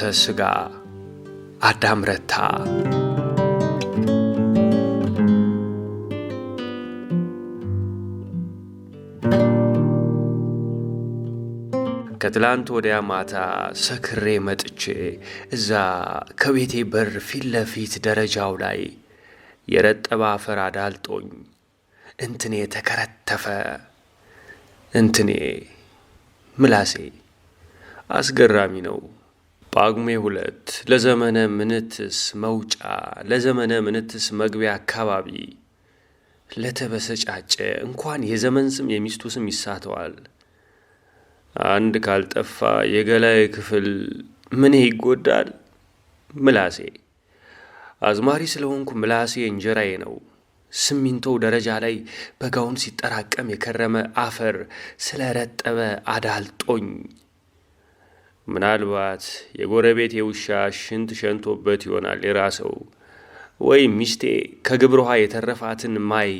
ሞተ ሥጋ አዳም ረታ ከትላንት ወዲያ ማታ ሰክሬ መጥቼ እዛ ከቤቴ በር ፊት ለፊት ደረጃው ላይ የረጠበ አፈር አዳልጦኝ እንትኔ ተከረተፈ። እንትኔ ምላሴ አስገራሚ ነው። ጳጉሜ ሁለት ለዘመነ ምንትስ መውጫ ለዘመነ ምንትስ መግቢያ አካባቢ ለተበሰጫጨ እንኳን የዘመን ስም የሚስቱ ስም ይሳተዋል። አንድ ካልጠፋ የገላይ ክፍል ምን ይጎዳል? ምላሴ አዝማሪ ስለሆንኩ ምላሴ እንጀራዬ ነው። ስሚንቶው ደረጃ ላይ በጋውን ሲጠራቀም የከረመ አፈር ስለረጠበ አዳልጦኝ ምናልባት የጎረቤት የውሻ ሽንት ሸንቶበት ይሆናል የራሰው ወይም ሚስቴ ከግብር ውሃ የተረፋትን ማይ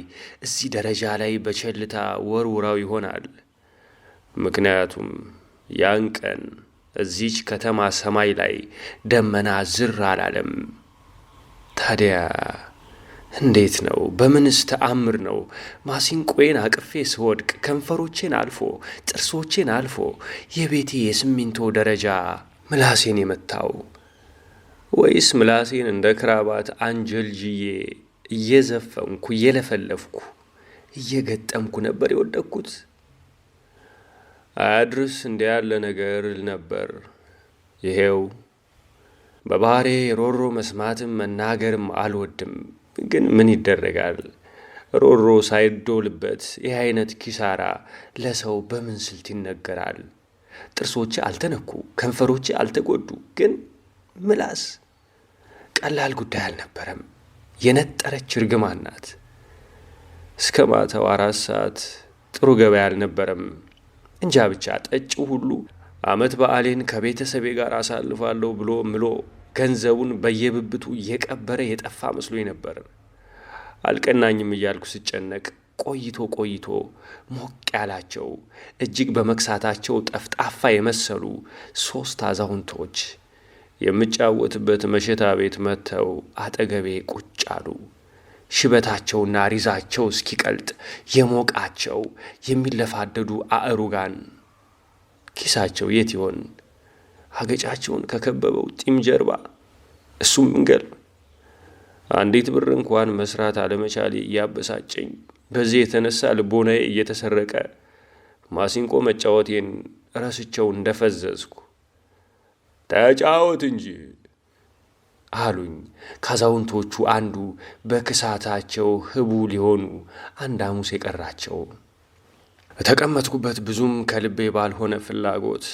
እዚህ ደረጃ ላይ በቸልታ ወርውራው ይሆናል። ምክንያቱም ያን ቀን እዚች ከተማ ሰማይ ላይ ደመና ዝር አላለም። ታዲያ እንዴት ነው? በምንስ ተአምር ነው? ማሲንቆዬን አቅፌ ስወድቅ ከንፈሮቼን አልፎ ጥርሶቼን አልፎ የቤቴ የሲሚንቶ ደረጃ ምላሴን የመታው ወይስ ምላሴን እንደ ክራባት አንጀልጅዬ እየዘፈንኩ እየለፈለፍኩ እየገጠምኩ ነበር የወደቅኩት? አያድርስ እንዲያ ያለ ነገር ነበር ይሄው በባህሬ የሮሮ መስማትም መናገርም አልወድም። ግን ምን ይደረጋል? ሮሮ ሳይዶልበት ይህ አይነት ኪሳራ ለሰው በምን ስልት ይነገራል? ጥርሶቼ አልተነኩ፣ ከንፈሮቼ አልተጎዱ፣ ግን ምላስ ቀላል ጉዳይ አልነበረም። የነጠረች እርግማን ናት። እስከ ማተው አራት ሰዓት ጥሩ ገበያ አልነበረም። እንጃ ብቻ ጠጪው ሁሉ አመት በዓሌን ከቤተሰቤ ጋር አሳልፋለሁ ብሎ ምሎ ገንዘቡን በየብብቱ እየቀበረ የጠፋ መስሎ ነበር። አልቀናኝም እያልኩ ስጨነቅ ቆይቶ ቆይቶ ሞቅ ያላቸው እጅግ በመክሳታቸው ጠፍጣፋ የመሰሉ ሶስት አዛውንቶች የምጫወትበት መሸታ ቤት መጥተው አጠገቤ ቁጭ አሉ። ሽበታቸውና ሪዛቸው እስኪቀልጥ የሞቃቸው የሚለፋደዱ አእሩጋን ኪሳቸው የት ይሆን? ሀገጫቸውን ከከበበው ጢም ጀርባ እሱም እንገል አንዲት ብር እንኳን መስራት አለመቻሌ እያበሳጨኝ፣ በዚህ የተነሳ ልቦናዬ እየተሰረቀ ማሲንቆ መጫወቴን ረስቸው እንደፈዘዝኩ ተጫወት እንጂ አሉኝ። ካዛውንቶቹ አንዱ በክሳታቸው ህቡ ሊሆኑ አንድ አሙስ የቀራቸው። ተቀመጥኩበት ብዙም ከልቤ ባልሆነ ፍላጎት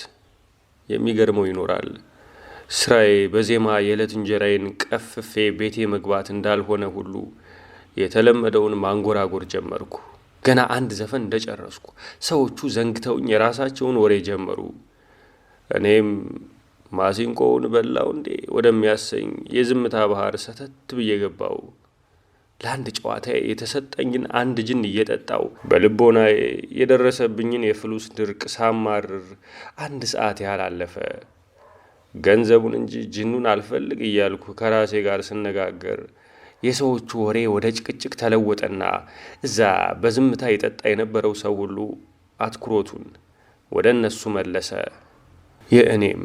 የሚገርመው ይኖራል። ስራዬ በዜማ የዕለት እንጀራዬን ቀፍፌ ቤቴ መግባት እንዳልሆነ ሁሉ የተለመደውን ማንጎራጎር ጀመርኩ። ገና አንድ ዘፈን እንደጨረስኩ ሰዎቹ ዘንግተውኝ የራሳቸውን ወሬ ጀመሩ። እኔም ማሲንቆውን በላው እንዴ ወደሚያሰኝ የዝምታ ባህር ሰተት ብዬ ገባው። ለአንድ ጨዋታ የተሰጠኝን አንድ ጅን እየጠጣው በልቦና የደረሰብኝን የፍሉስ ድርቅ ሳማርር አንድ ሰዓት ያህል አለፈ። ገንዘቡን እንጂ ጅኑን አልፈልግ እያልኩ ከራሴ ጋር ስነጋገር የሰዎቹ ወሬ ወደ ጭቅጭቅ ተለወጠና እዛ በዝምታ የጠጣ የነበረው ሰው ሁሉ አትኩሮቱን ወደ እነሱ መለሰ። የእኔም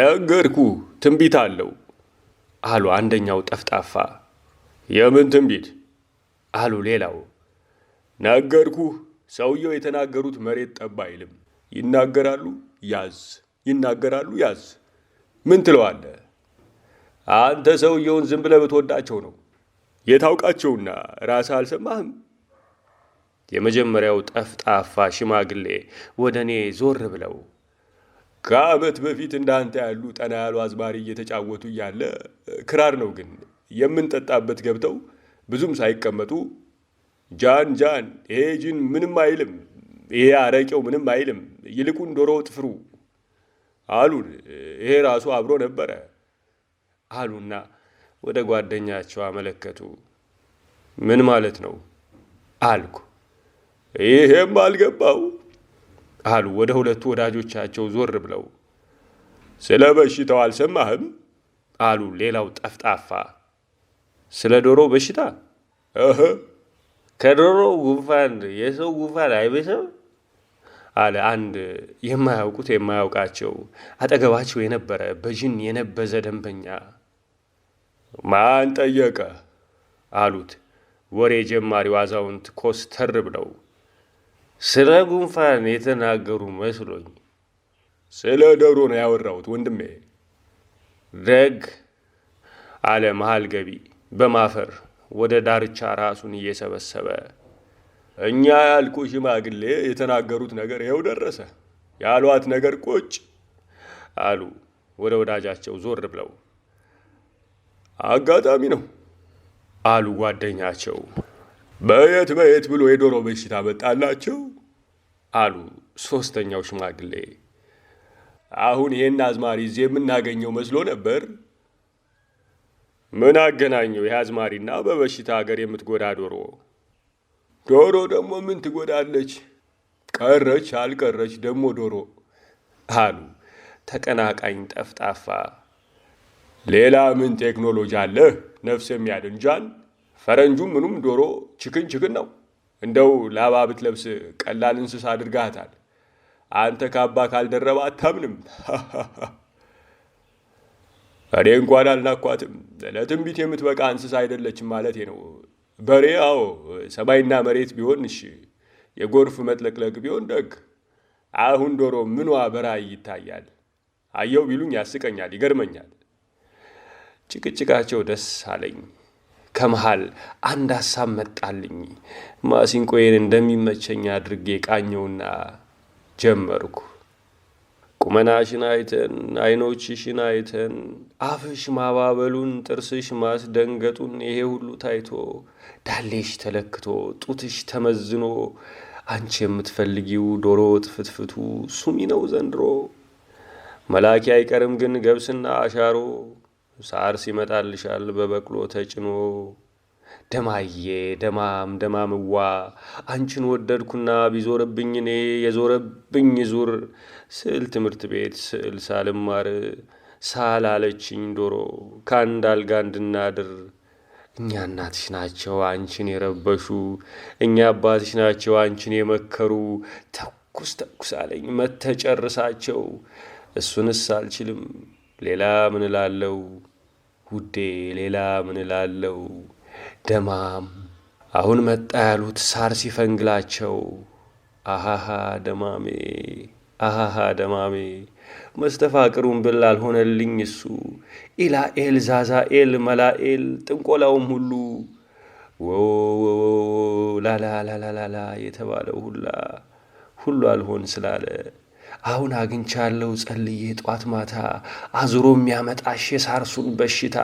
ነገርኩ ትንቢት አለው አሉ አንደኛው ጠፍጣፋ። የምን ትንቢት አሉ ሌላው። ነገርኩህ፣ ሰውየው የተናገሩት መሬት ጠብ አይልም። ይናገራሉ ያዝ፣ ይናገራሉ ያዝ። ምን ትለዋለህ አንተ? ሰውየውን ዝም ብለህ ብትወዳቸው ነው የታውቃቸውና ራስህ አልሰማህም? የመጀመሪያው ጠፍጣፋ ሽማግሌ ወደ እኔ ዞር ብለው ከዓመት በፊት እንዳንተ ያሉ ጠና ያሉ አዝማሪ እየተጫወቱ እያለ ክራር ነው ግን የምንጠጣበት ገብተው ብዙም ሳይቀመጡ ጃን ጃን ይሄ ጅን ምንም አይልም፣ ይሄ አረቄው ምንም አይልም፣ ይልቁን ዶሮ ጥፍሩ አሉን። ይሄ ራሱ አብሮ ነበረ አሉና ወደ ጓደኛቸው አመለከቱ። ምን ማለት ነው አልኩ። ይሄም አልገባው አሉ ወደ ሁለቱ ወዳጆቻቸው ዞር ብለው። ስለ በሽታው አልሰማህም አሉ ሌላው ጠፍጣፋ። ስለ ዶሮ በሽታ ከዶሮ ጉንፋን የሰው ጉንፋን አይቤሰብ አለ አንድ የማያውቁት የማያውቃቸው አጠገባቸው የነበረ በጅን የነበዘ ደንበኛ። ማን ጠየቀ አሉት ወሬ ጀማሪው አዛውንት ኮስተር ብለው። ስለ ጉንፋን የተናገሩ መስሎኝ። ስለ ዶሮ ነው ያወራሁት ወንድሜ። ደግ አለ መሃል ገቢ በማፈር ወደ ዳርቻ ራሱን እየሰበሰበ እኛ ያልኩ ሽማግሌ የተናገሩት ነገር ይኸው ደረሰ ያሏት ነገር ቁጭ አሉ። ወደ ወዳጃቸው ዞር ብለው አጋጣሚ ነው አሉ ጓደኛቸው። በየት በየት ብሎ የዶሮ በሽታ መጣላቸው አሉ ሶስተኛው ሽማግሌ። አሁን ይህን አዝማሪ እዚህ የምናገኘው መስሎ ነበር ምን አገናኘው? ይህ አዝማሪና በበሽታ ሀገር የምትጎዳ ዶሮ። ዶሮ ደግሞ ምን ትጎዳለች? ቀረች አልቀረች ደግሞ ዶሮ አሉ ተቀናቃኝ ጠፍጣፋ። ሌላ ምን ቴክኖሎጂ አለ? ነፍስ የሚያድን ጃን፣ ፈረንጁም ምኑም ዶሮ ችክን ችክን ነው። እንደው ላባ ብትለብስ ቀላል እንስሳ አድርጋታል። አንተ ካባ ካልደረባ አታምንም። እኔ እንኳን አልናኳትም። ለትንቢት የምትበቃ እንስሳ አይደለችም ማለቴ ነው። በሬ አዎ፣ ሰማይና መሬት ቢሆን እሺ፣ የጎርፍ መጥለቅለቅ ቢሆን ደግ። አሁን ዶሮ ምኗ በራእይ ይታያል? አየው ቢሉኝ ያስቀኛል፣ ይገርመኛል። ጭቅጭቃቸው ደስ አለኝ። ከመሃል አንድ ሀሳብ መጣልኝ። ማሲንቆዬን እንደሚመቸኝ አድርጌ ቃኘውና ጀመርኩ። ቁመናሽን አይተን አይኖችሽን አይተን አፍሽ ማባበሉን ጥርስሽ ማስደንገጡን ይሄ ሁሉ ታይቶ ዳሌሽ ተለክቶ ጡትሽ ተመዝኖ አንቺ የምትፈልጊው ዶሮ ወጥ ፍትፍቱ ሱሚ ነው ዘንድሮ። መላኪ አይቀርም ግን ገብስና አሻሮ ሳር ሲመጣልሻል በበቅሎ ተጭኖ ደማዬ ደማም ደማምዋ አንቺን ወደድኩና ቢዞረብኝ እኔ የዞረብኝ ዙር ስዕል ትምህርት ቤት ስዕል ሳልማር ሳላለችኝ ዶሮ ከአንድ አልጋ እንድናድር እኛ እናትሽ ናቸው አንቺን የረበሹ፣ እኛ አባትሽ ናቸው አንቺን የመከሩ። ተኩስ ተኩስ አለኝ መተጨርሳቸው እሱንስ አልችልም ሌላ ምን እላለው ውዴ ሌላ ምን እላለው? ደማም አሁን መጣ ያሉት ሳር ሲፈንግላቸው አሃሃ ደማሜ አሃሃ ደማሜ መስተፋቅሩን ብል አልሆነልኝ እሱ ኢላኤል ዛዛኤል መላኤል ጥንቆላውም ሁሉ ላላላላላላ የተባለው ሁላ ሁሉ አልሆን ስላለ አሁን አግኝቻለሁ ጸልዬ ጧት ማታ አዙሮ የሚያመጣሽ የሳርሱን በሽታ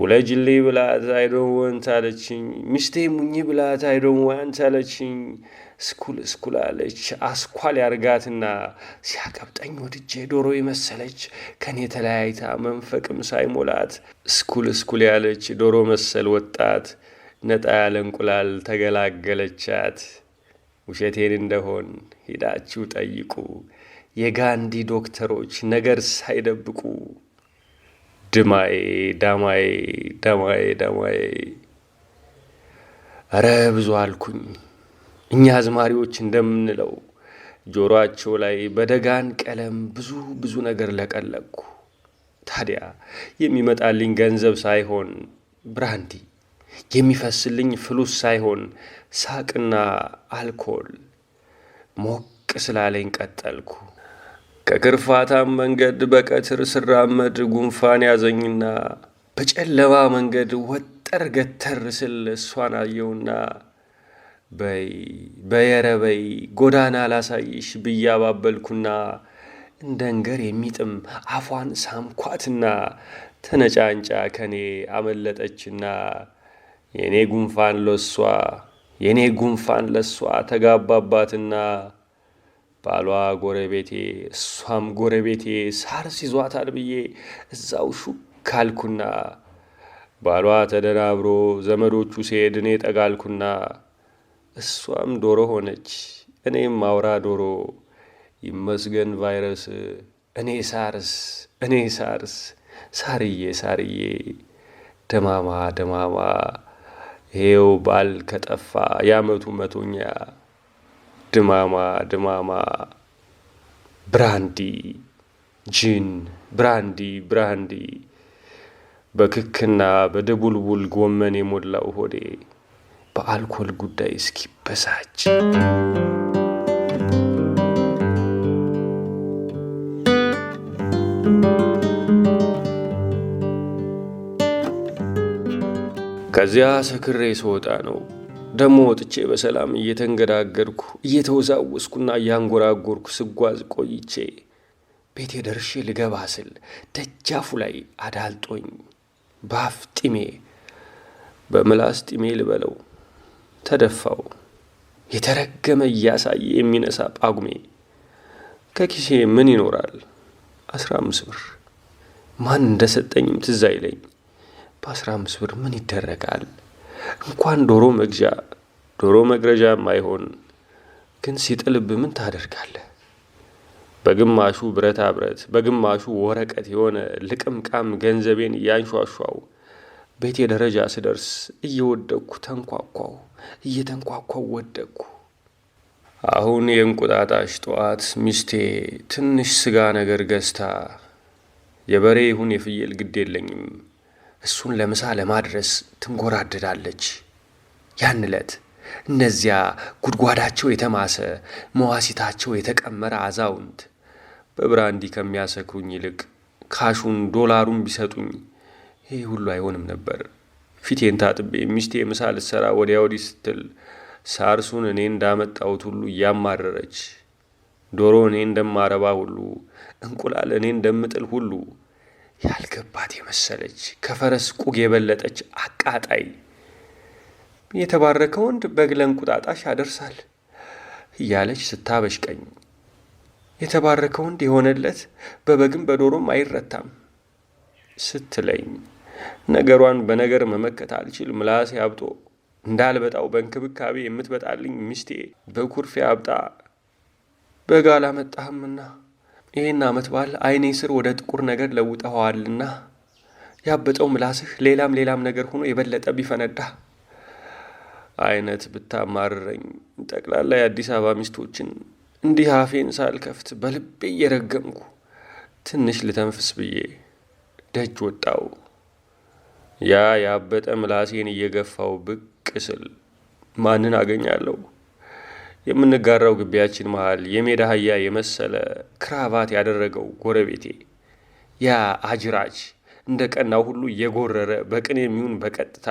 ውለጅልኝ ብላት አይዶን ወንት አለችኝ። ሚስቴ ሙኝ ብላት አይዶን ወንት አለችኝ። እስኩል እስኩል አለች አስኳል ያርጋትና ሲያቀብጠኝ ወድጄ ዶሮ መሰለች ከኔ ተለያይታ መንፈቅም ሳይሞላት እስኩል እስኩል ያለች ዶሮ መሰል ወጣት ነጣ ያለ እንቁላል ተገላገለቻት። ውሸቴን እንደሆን ሂዳችሁ ጠይቁ የጋንዲ ዶክተሮች ነገር ሳይደብቁ ድማዬ ዳማዬ ዳማዬ ዳማዬ እረ ብዙ አልኩኝ። እኛ አዝማሪዎች እንደምንለው ጆሮአቸው ላይ በደጋን ቀለም ብዙ ብዙ ነገር ለቀለቅኩ። ታዲያ የሚመጣልኝ ገንዘብ ሳይሆን ብራንዲ፣ የሚፈስልኝ ፍሉስ ሳይሆን ሳቅና አልኮል ሞቅ ስላለኝ ቀጠልኩ። ከክርፋታም መንገድ በቀትር ስራመድ ጉንፋን ያዘኝና በጨለማ መንገድ ወጠር ገተር ስል እሷን አየውና በይ በየረ በይ ጎዳና ላሳይሽ ብያባበልኩና እንደ እንገር የሚጥም አፏን ሳምኳትና ተነጫንጫ ከኔ አመለጠችና የኔ ጉንፋን ለሷ የኔ ጉንፋን ለሷ ተጋባባትና ባሏ ጎረቤቴ፣ እሷም ጎረቤቴ ሳርስ ይዟታል ብዬ እዛው ሹክ አልኩና ባሏ ተደናብሮ ዘመዶቹ ሲሄድ እኔ ጠጋልኩና እሷም ዶሮ ሆነች እኔም አውራ ዶሮ። ይመስገን ቫይረስ እኔ ሳርስ እኔ ሳርስ ሳርዬ ሳርዬ ደማማ ደማማ ይሄው ባል ከጠፋ የአመቱ መቶኛ ድማማ ድማማ ብራንዲ ጂን ብራንዲ ብራንዲ በክክና በደቡልቡል ጎመን የሞላው ሆዴ በአልኮል ጉዳይ እስኪበሳጭ ከዚያ ሰክሬ ስወጣ ነው ደሞ ወጥቼ በሰላም እየተንገዳገድኩ እየተወዛወስኩና እያንጎራጎርኩ ስጓዝ ቆይቼ ቤቴ ደርሼ ልገባ ስል ደጃፉ ላይ አዳልጦኝ ባፍ ጢሜ በምላስ ጢሜ ልበለው ተደፋው። የተረገመ እያሳየ የሚነሳ ጳጉሜ። ከኪሴ ምን ይኖራል? አስራ አምስት ብር ማን እንደሰጠኝም ትዝ አይለኝ። በአስራ አምስት ብር ምን ይደረጋል? እንኳን ዶሮ መግዣ ዶሮ መግረዣ ማይሆን ግን ሲጥልብ ምን ታደርጋለህ? በግማሹ ብረታ ብረት በግማሹ ወረቀት የሆነ ልቅምቃም ገንዘቤን እያንሿሿው ቤቴ ደረጃ ስደርስ እየወደቅኩ ተንኳኳው እየተንኳኳው ወደቅኩ። አሁን የእንቁጣጣሽ ጠዋት ሚስቴ ትንሽ ስጋ ነገር ገዝታ የበሬ ይሁን የፍየል ግድ የለኝም እሱን ለምሳ ለማድረስ ትንጎራደዳለች። ያን ዕለት እነዚያ ጉድጓዳቸው የተማሰ መዋሲታቸው የተቀመረ አዛውንት በብራንዲ ከሚያሰክሩኝ ይልቅ ካሹን ዶላሩን ቢሰጡኝ ይህ ሁሉ አይሆንም ነበር። ፊቴን ታጥቤ ሚስቴ ምሳ ልትሰራ ወዲያ ወዲህ ስትል ሳርሱን እኔ እንዳመጣሁት ሁሉ እያማረረች ዶሮ እኔ እንደማረባ ሁሉ እንቁላል እኔ እንደምጥል ሁሉ ያልገባት የመሰለች ከፈረስ ቁግ የበለጠች አቃጣይ የተባረከ ወንድ በግለን ቁጣጣሽ ያደርሳል እያለች ስታበሽቀኝ የተባረከ ወንድ የሆነለት በበግም በዶሮም አይረታም ስትለኝ ነገሯን በነገር መመከት አልችል ምላሴ አብጦ እንዳልበጣው በእንክብካቤ የምትበጣልኝ ሚስቴ በኩርፌ አብጣ በጋላ መጣህምና ይህን ዓመት በዓል አይኔ ስር ወደ ጥቁር ነገር ለውጠኸዋልና ያበጠው ምላስህ ሌላም ሌላም ነገር ሆኖ የበለጠ ቢፈነዳ አይነት ብታማርረኝ ጠቅላላ የአዲስ አበባ ሚስቶችን እንዲህ አፌን ሳልከፍት በልቤ እየረገምኩ ትንሽ ልተንፍስ ብዬ ደጅ ወጣው። ያ ያበጠ ምላሴን እየገፋው ብቅ ስል ማንን አገኛለሁ? የምንጋራው ግቢያችን መሃል የሜዳ አህያ የመሰለ ክራቫት ያደረገው ጎረቤቴ ያ አጅራጅ እንደ ቀናው ሁሉ እየጎረረ በቅን የሚሆን በቀጥታ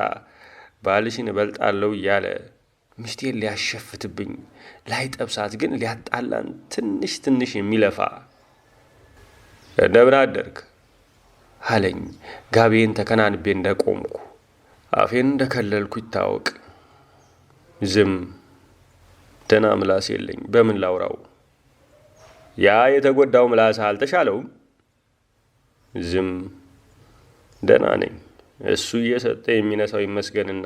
ባልሽን እበልጣለሁ እያለ ሚስቴን ሊያሸፍትብኝ ላይጠብሳት ግን ሊያጣላን ትንሽ ትንሽ የሚለፋ እንደምን አደርግ አለኝ። ጋቤን ተከናንቤ እንደቆምኩ አፌን እንደከለልኩ ይታወቅ ዝም ደህና ምላስ የለኝ፣ በምን ላውራው? ያ የተጎዳው ምላስ አልተሻለውም። ዝም ደህና ነኝ። እሱ እየሰጠ የሚነሳው ይመስገንና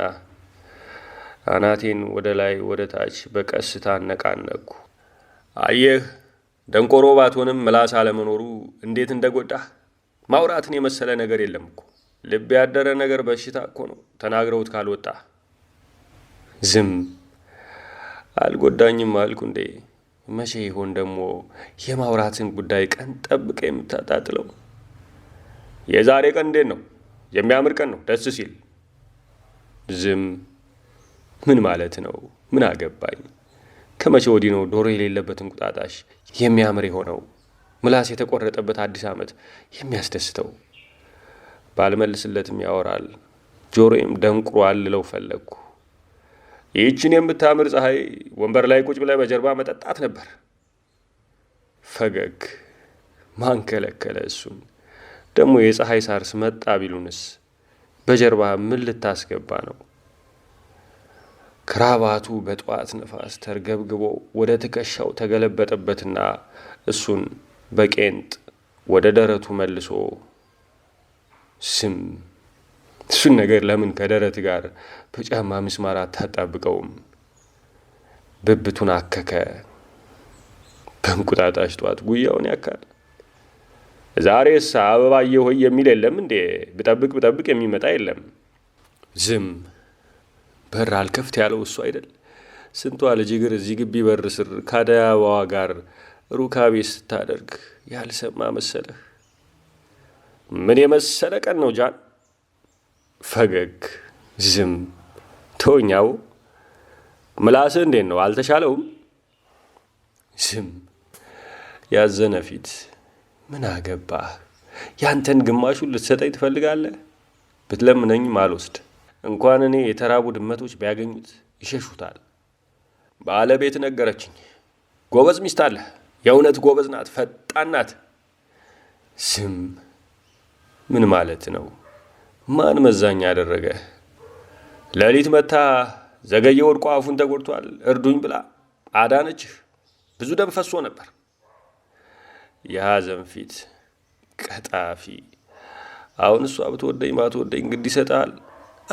አናቴን ወደ ላይ ወደ ታች በቀስታ አነቃነቅኩ። አየህ ደንቆሮ ባትሆንም ምላስ አለመኖሩ እንዴት እንደጎዳህ። ማውራትን የመሰለ ነገር የለም እኮ ልብ ያደረ ነገር በሽታ እኮ ነው። ተናግረውት ካልወጣ ዝም አልጎዳኝም አልኩ እንዴ? መቼ ይሆን ደግሞ የማውራትን ጉዳይ ቀን ጠብቀ የምታጣጥለው? የዛሬ ቀን እንዴት ነው? የሚያምር ቀን ነው፣ ደስ ሲል። ዝም ምን ማለት ነው? ምን አገባኝ? ከመቼ ወዲህ ነው ዶሮ የሌለበት እንቁጣጣሽ የሚያምር የሆነው? ምላስ የተቆረጠበት አዲስ ዓመት የሚያስደስተው? ባልመልስለትም ያወራል። ጆሮዬም ደንቁሯል አልለው ፈለግኩ። ይህችን የምታምር ፀሐይ ወንበር ላይ ቁጭ ብለህ በጀርባ መጠጣት ነበር። ፈገግ ማንከለከለ እሱን እሱም ደግሞ የፀሐይ ሳርስ መጣ ቢሉንስ በጀርባ ምን ልታስገባ ነው? ክራባቱ በጠዋት ነፋስ ተርገብግቦ ወደ ትከሻው ተገለበጠበትና እሱን በቄንጥ ወደ ደረቱ መልሶ ስም እሱን ነገር ለምን ከደረት ጋር በጫማ ምስማር አታጣብቀውም? ብብቱን አከከ፣ በእንቁጣጣሽ ጠዋት ጉያውን ያካል። ዛሬስ አበባዬ ሆይ የሚል የለም እንዴ? ብጠብቅ ብጠብቅ የሚመጣ የለም። ዝም በር አልከፍት ያለው እሱ አይደል? ስንቷ ልጅ እግር እዚህ ግቢ በር ስር ከአደይ ጋር ሩካቤ ስታደርግ ያልሰማ መሰለህ? ምን የመሰለ ቀን ነው ጃን ፈገግ ዝም ተወኛው ምላስ እንዴት ነው? አልተሻለውም? ዝም ያዘነ ፊት ምን አገባ ያንተን ግማሹን ልትሰጠኝ ትፈልጋለህ? ብትለምነኝም አልወስድ። እንኳን እኔ የተራቡ ድመቶች ቢያገኙት ይሸሹታል። ባለቤት ነገረችኝ። ጎበዝ ሚስት አለህ። የእውነት ጎበዝ ናት፣ ፈጣን ናት። ዝም ምን ማለት ነው? ማን መዛኛ አደረገ? ሌሊት መታ ዘገየ ወድቆ አፉን ተጎድቷል፣ እርዱኝ ብላ አዳነችህ። ብዙ ደም ፈሶ ነበር። የሐዘን ፊት ቀጣፊ። አሁን እሷ ብትወደኝ ባትወደኝ ግድ ይሰጣል።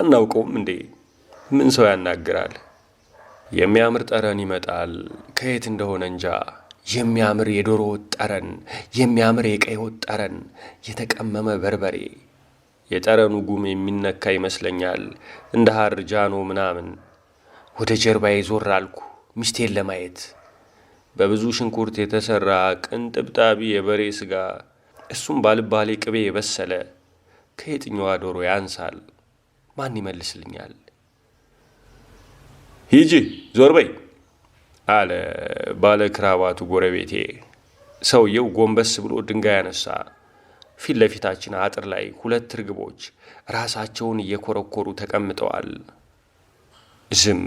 አናውቀውም እንዴ? ምን ሰው ያናግራል? የሚያምር ጠረን ይመጣል ከየት እንደሆነ እንጃ። የሚያምር የዶሮ ወጥ ጠረን፣ የሚያምር የቀይ ወጥ ጠረን፣ የተቀመመ በርበሬ የጠረኑ ጉም የሚነካ ይመስለኛል። እንደ ሐር ጃኖ ምናምን ወደ ጀርባዬ ዞር አልኩ ሚስቴን ለማየት። በብዙ ሽንኩርት የተሠራ ቅንጥብጣቢ የበሬ ሥጋ፣ እሱም ባልባሌ ቅቤ የበሰለ ከየትኛዋ ዶሮ ያንሳል? ማን ይመልስልኛል? ሂጂ ዞር በይ አለ ባለ ክራባቱ ጎረቤቴ። ሰውየው ጎንበስ ብሎ ድንጋይ አነሳ። ፊት ለፊታችን አጥር ላይ ሁለት እርግቦች ራሳቸውን እየኮረኮሩ ተቀምጠዋል። ዝም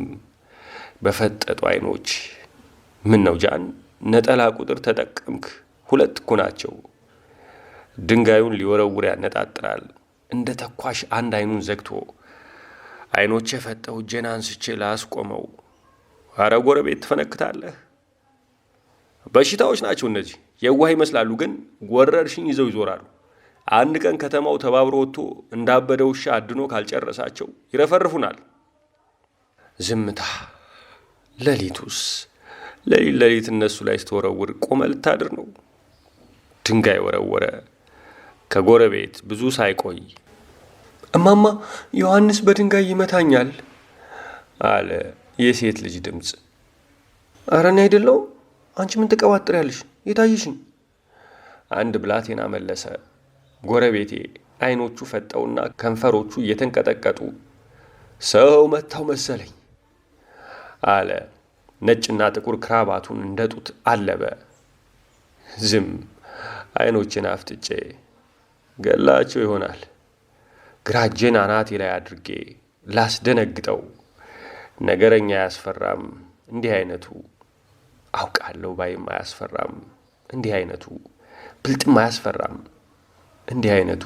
በፈጠጡ አይኖች ምን ነው ጃን፣ ነጠላ ቁጥር ተጠቀምክ? ሁለት እኮ ናቸው። ድንጋዩን ሊወረውር ያነጣጥራል። እንደ ተኳሽ አንድ አይኑን ዘግቶ አይኖች ፈጠው እጄን አንስቼ ላስቆመው። አረ ጎረቤት ትፈነክታለህ። በሽታዎች ናቸው እነዚህ። የዋህ ይመስላሉ፣ ግን ወረርሽኝ ይዘው ይዞራሉ። አንድ ቀን ከተማው ተባብሮ ወጥቶ እንዳበደ ውሻ አድኖ ካልጨረሳቸው ይረፈርፉናል። ዝምታ ሌሊቱስ? ሌሊት ሌሊት እነሱ ላይ ስትወረውር ቆመ ልታድር ነው። ድንጋይ ወረወረ። ከጎረቤት ብዙ ሳይቆይ እማማ ዮሐንስ በድንጋይ ይመታኛል አለ የሴት ልጅ ድምፅ። አረ እኔ አይደለሁም። አንቺ ምን ትቀባጥሪያለሽ? የታየሽኝ አንድ ብላቴና መለሰ። ጎረቤቴ አይኖቹ ፈጠውና ከንፈሮቹ እየተንቀጠቀጡ ሰው መታው መሰለኝ አለ። ነጭና ጥቁር ክራባቱን እንደ ጡት አለበ። ዝም አይኖችን አፍጥጬ ገላቸው ይሆናል። ግራ እጄን አናቴ ላይ አድርጌ ላስደነግጠው። ነገረኛ አያስፈራም እንዲህ አይነቱ፣ አውቃለሁ ባይም አያስፈራም እንዲህ አይነቱ፣ ብልጥም አያስፈራም እንዲህ አይነቱ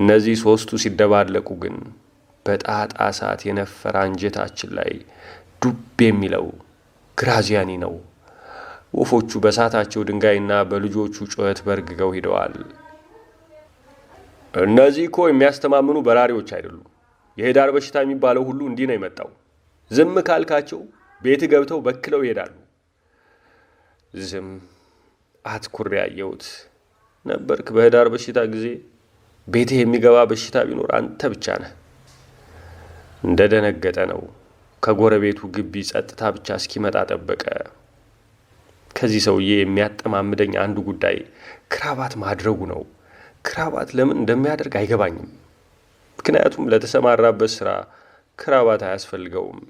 እነዚህ ሦስቱ ሲደባለቁ ግን በጣጣ እሳት የነፈረ አንጀታችን ላይ ዱብ የሚለው ግራዚያኒ ነው። ወፎቹ በሳታቸው ድንጋይና በልጆቹ ጩኸት በርግገው ሂደዋል። እነዚህ እኮ የሚያስተማምኑ በራሪዎች አይደሉም። የሄዳር በሽታ የሚባለው ሁሉ እንዲህ ነው የመጣው። ዝም ካልካቸው ቤት ገብተው በክለው ይሄዳሉ። ዝም አትኩሬ ያየሁት ነበርክ። በህዳር በሽታ ጊዜ ቤቴ የሚገባ በሽታ ቢኖር አንተ ብቻ ነህ። እንደ ደነገጠ ነው። ከጎረቤቱ ግቢ ጸጥታ ብቻ እስኪመጣ ጠበቀ። ከዚህ ሰውዬ የሚያጠማምደኝ አንዱ ጉዳይ ክራባት ማድረጉ ነው። ክራባት ለምን እንደሚያደርግ አይገባኝም። ምክንያቱም ለተሰማራበት ስራ ክራባት አያስፈልገውም።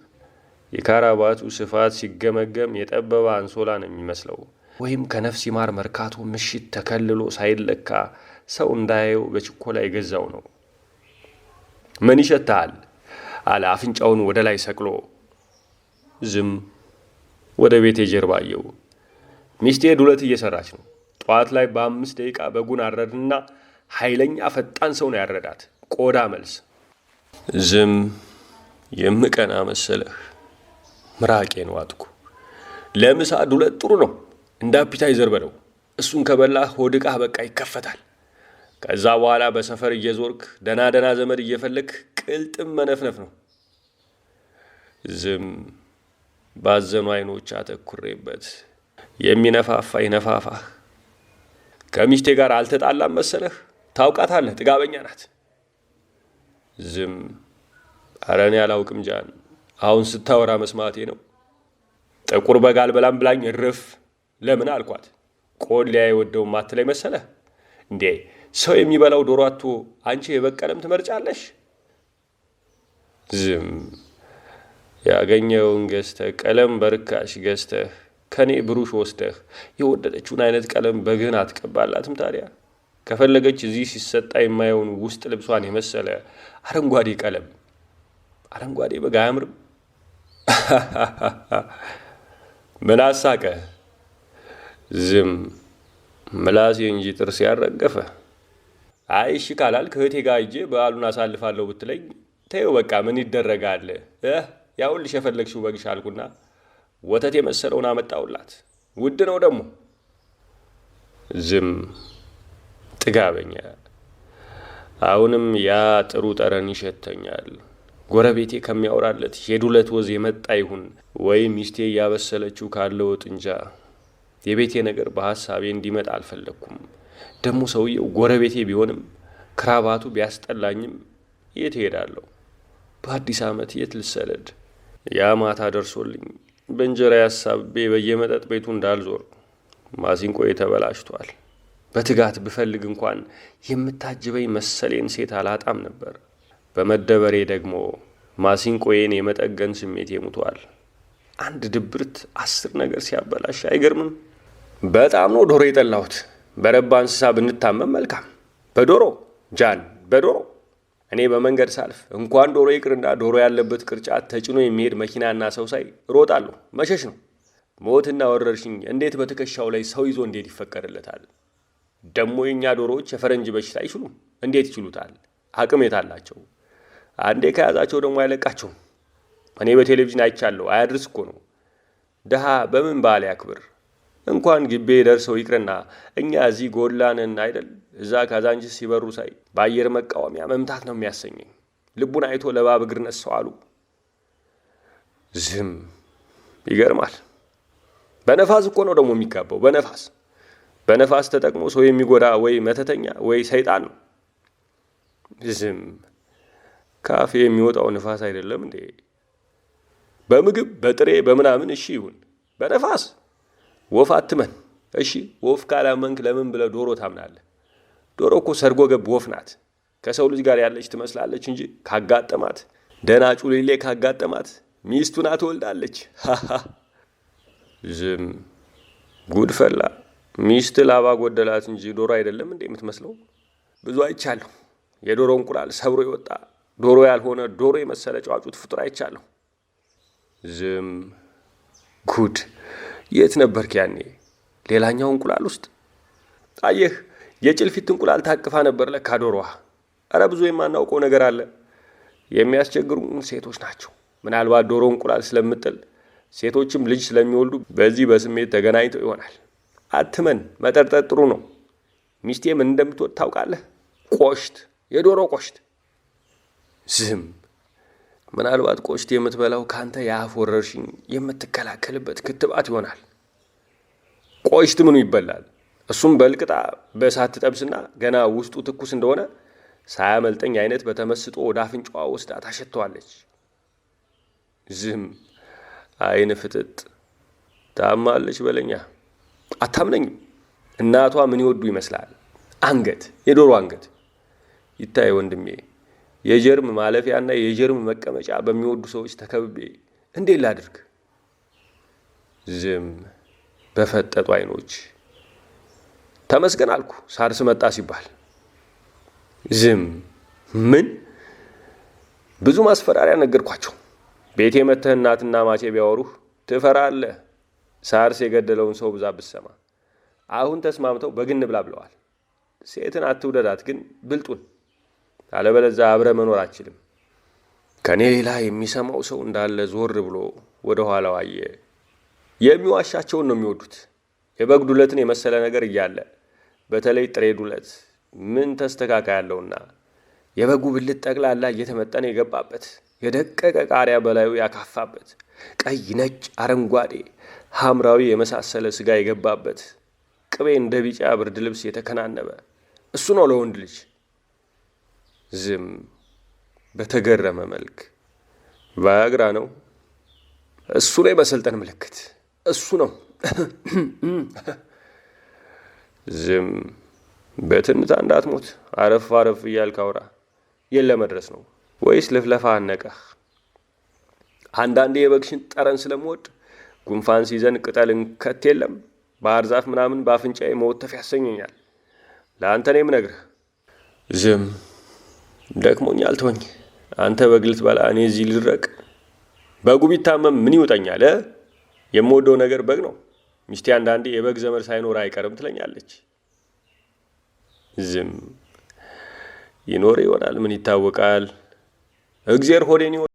የካራባቱ ስፋት ሲገመገም የጠበበ አንሶላ ነው የሚመስለው። ወይም ከነፍስ ይማር መርካቶ ምሽት ተከልሎ ሳይለካ ሰው እንዳየው በችኮላ የገዛው ነው። ምን ይሸታል አለ አፍንጫውን ወደ ላይ ሰቅሎ። ዝም ወደ ቤቴ ጀርባ አየው። ሚስቴ ዱለት እየሰራች ነው። ጠዋት ላይ በአምስት ደቂቃ በጉን አረድና ኃይለኛ ፈጣን ሰው ነው ያረዳት። ቆዳ መልስ ዝም የምቀና መሰለህ? ምራቄን ዋጥኩ። ለምሳ ዱለት ጥሩ ነው እንደ አፒታይዘር በለው። እሱን ከበላ ሆድቃህ በቃ ይከፈታል። ከዛ በኋላ በሰፈር እየዞርክ ደና ደና ዘመድ እየፈለክ ቅልጥም መነፍነፍ ነው። ዝም ባዘኑ አይኖች አተኩሬበት የሚነፋፋ ይነፋፋህ። ከሚስቴ ጋር አልተጣላም መሰለህ? ታውቃታለህ፣ ጥጋበኛ ናት። ዝም አረን ያላውቅም ጃን፣ አሁን ስታወራ መስማቴ ነው። ጥቁር በግ አልበላም ብላኝ እርፍ ለምን አልኳት። ቆሊያ ማት ላይ መሰለህ እንዴ? ሰው የሚበላው ዶሮ አቶ አንቺ የበቀለም ትመርጫለሽ? ዝም ያገኘውን ገዝተህ ቀለም በርካሽ ገዝተህ ከኔ ብሩሽ ወስደህ የወደደችውን አይነት ቀለም በግህን አትቀባላትም ታዲያ? ከፈለገች እዚህ ሲሰጣ የማየውን ውስጥ ልብሷን የመሰለ አረንጓዴ ቀለም አረንጓዴ በግ አያምርም? ምን አሳቀህ? ዝም ምላሴ እንጂ ጥርስ ያረገፈ አይሽ ካላልክ እህቴ ጋ እጄ በዓሉን አሳልፋለሁ ብትለኝ ተይው በቃ ምን ይደረጋል ያውልሽ የፈለግሽው በግሽ አልኩና ወተት የመሰለውን አመጣውላት። ውድ ነው ደግሞ። ዝም ጥጋበኛ። አሁንም ያ ጥሩ ጠረን ይሸተኛል። ጎረቤቴ ከሚያወራለት ሄዱለት ወዝ የመጣ ይሁን ወይ ሚስቴ እያበሰለችው ካለው ጥንጃ። የቤቴ ነገር በሐሳቤ እንዲመጣ አልፈለግኩም። ደግሞ ሰውየው ጎረቤቴ ቢሆንም ክራባቱ ቢያስጠላኝም የት እሄዳለሁ? በአዲስ ዓመት የት ልሰደድ? ያ ማታ ደርሶልኝ በእንጀራ ያሳቤ በየመጠጥ ቤቱ እንዳልዞር ማሲንቆ ተበላሽቷል። በትጋት ብፈልግ እንኳን የምታጅበኝ መሰሌን ሴት አላጣም ነበር። በመደበሬ ደግሞ ማሲንቆዬን የመጠገን ስሜቴ ሙቷል። አንድ ድብርት አስር ነገር ሲያበላሽ አይገርምም? በጣም ነው ዶሮ የጠላሁት። በረባ እንስሳ ብንታመም መልካም። በዶሮ ጃን፣ በዶሮ እኔ በመንገድ ሳልፍ እንኳን ዶሮ ይቅርና ዶሮ ያለበት ቅርጫት ተጭኖ የሚሄድ መኪናና ሰው ሳይ እሮጣለሁ። መሸሽ ነው። ሞትና ወረርሽኝ እንዴት በትከሻው ላይ ሰው ይዞ እንዴት ይፈቀድለታል? ደግሞ የእኛ ዶሮዎች የፈረንጅ በሽታ አይችሉም። እንዴት ይችሉታል? አቅም የት አላቸው? አንዴ ከያዛቸው ደግሞ አይለቃቸውም። እኔ በቴሌቪዥን አይቻለሁ። አያድርስ እኮ ነው። ድሃ በምን በዓል ያክብር? እንኳን ግቤ ደርሰው ይቅርና እኛ እዚህ ጎላንን አይደል? እዛ ካዛንችስ ሲበሩ ሳይ በአየር መቃወሚያ መምታት ነው የሚያሰኘኝ። ልቡን አይቶ ለባብ እግር ነሰው አሉ። ዝም ይገርማል። በነፋስ እኮ ነው ደግሞ የሚጋባው። በነፋስ በነፋስ ተጠቅሞ ሰው የሚጎዳ ወይ መተተኛ ወይ ሰይጣን ነው። ዝም ካፌ የሚወጣው ንፋስ አይደለም እንዴ? በምግብ በጥሬ በምናምን እሺ ይሁን፣ በነፋስ ወፍ አትመን። እሺ ወፍ ካላመንክ ለምን ብለህ ዶሮ ታምናለህ? ዶሮ እኮ ሰርጎ ገብ ወፍ ናት። ከሰው ልጅ ጋር ያለች ትመስላለች እንጂ ካጋጠማት ደና ጩሌሌ ካጋጠማት ሚስቱ ና ትወልዳለች። ዝም ጉድ ፈላ ሚስት ላባ ጎደላት እንጂ ዶሮ አይደለም እንዴ የምትመስለው? ብዙ አይቻለሁ። የዶሮ እንቁላል ሰብሮ የወጣ ዶሮ ያልሆነ ዶሮ የመሰለ ጨዋጩት ፍጡር አይቻለሁ። ዝም ጉድ የት ነበርክ ያኔ? ሌላኛው እንቁላል ውስጥ አየህ፣ የጭልፊት እንቁላል ታቅፋ ነበር ለካ ዶሯ። እረ ብዙ የማናውቀው ነገር አለ። የሚያስቸግሩን ሴቶች ናቸው። ምናልባት ዶሮ እንቁላል ስለምጥል ሴቶችም ልጅ ስለሚወልዱ በዚህ በስሜት ተገናኝተው ይሆናል። አትመን፣ መጠርጠር ጥሩ ነው። ሚስቴ ምን እንደምትወድ ታውቃለህ? ቆሽት፣ የዶሮ ቆሽት። ዝም ምናልባት ቆሽት የምትበላው ካንተ የአፍ ወረርሽኝ የምትከላከልበት ክትባት ይሆናል። ቆሽት ምኑ ይበላል? እሱም በልቅጣ በእሳት ትጠብስና ገና ውስጡ ትኩስ እንደሆነ ሳያመልጠኝ አይነት በተመስጦ ወደ አፍንጫዋ ወስዳ ታሸተዋለች። ዝም አይን ፍጥጥ ታማለች በለኛ። አታምነኝም። እናቷ ምን ይወዱ ይመስላል? አንገት፣ የዶሮ አንገት ይታይ ወንድሜ የጀርም ማለፊያና የጀርም መቀመጫ በሚወዱ ሰዎች ተከብቤ እንዴ ላድርግ? ዝም በፈጠጡ አይኖች ተመስገን አልኩ። ሳርስ መጣ ሲባል ዝም ምን ብዙ ማስፈራሪያ ነገርኳቸው። ቤቴ መተህ እናትና ማቼ ቢያወሩህ ትፈራለህ። ሳርስ የገደለውን ሰው ብዛት ብሰማ አሁን ተስማምተው በግን ብላ ብለዋል። ሴትን አትውደዳት ግን ብልጡን አለበለዚያ አብረ መኖር አችልም። ከእኔ ሌላ የሚሰማው ሰው እንዳለ ዞር ብሎ ወደ ኋላው አየ። የሚዋሻቸውን ነው የሚወዱት። የበግ ዱለትን የመሰለ ነገር እያለ በተለይ ጥሬ ዱለት ምን ተስተካካይ ያለውና የበጉ ብልት ጠቅላላ እየተመጠነ የገባበት የደቀቀ ቃሪያ በላዩ ያካፋበት ቀይ፣ ነጭ፣ አረንጓዴ፣ ሐምራዊ የመሳሰለ ስጋ የገባበት ቅቤ እንደ ቢጫ ብርድ ልብስ የተከናነበ እሱ ነው ለወንድ ልጅ ዝም በተገረመ መልክ ቫያግራ ነው እሱ ላይ መሰልጠን ምልክት እሱ ነው። ዝም በትንታ እንዳትሞት አረፍ አረፍ እያልክ አውራ የለ መድረስ ነው ወይስ ልፍለፋ አነቀህ? አንዳንዴ የበግሽን ጠረን ስለምወድ ጉንፋን ሲዘን ቅጠል እንከት የለም ባህር ዛፍ ምናምን በአፍንጫ መወተፍ ያሰኘኛል። ለአንተ እኔም ነግርህ ዝም ደክሞኛል፣ ተወኝ አንተ በግልት በላ፣ እኔ እዚህ ልድረቅ። በጉ ቢታመም ምን ይውጠኛል? የምወደው ነገር በግ ነው። ሚስቴ አንዳንዴ የበግ ዘመድ ሳይኖር አይቀርም ትለኛለች። ዝም ይኖር ይሆናል ምን ይታወቃል? እግዜር ሆዴን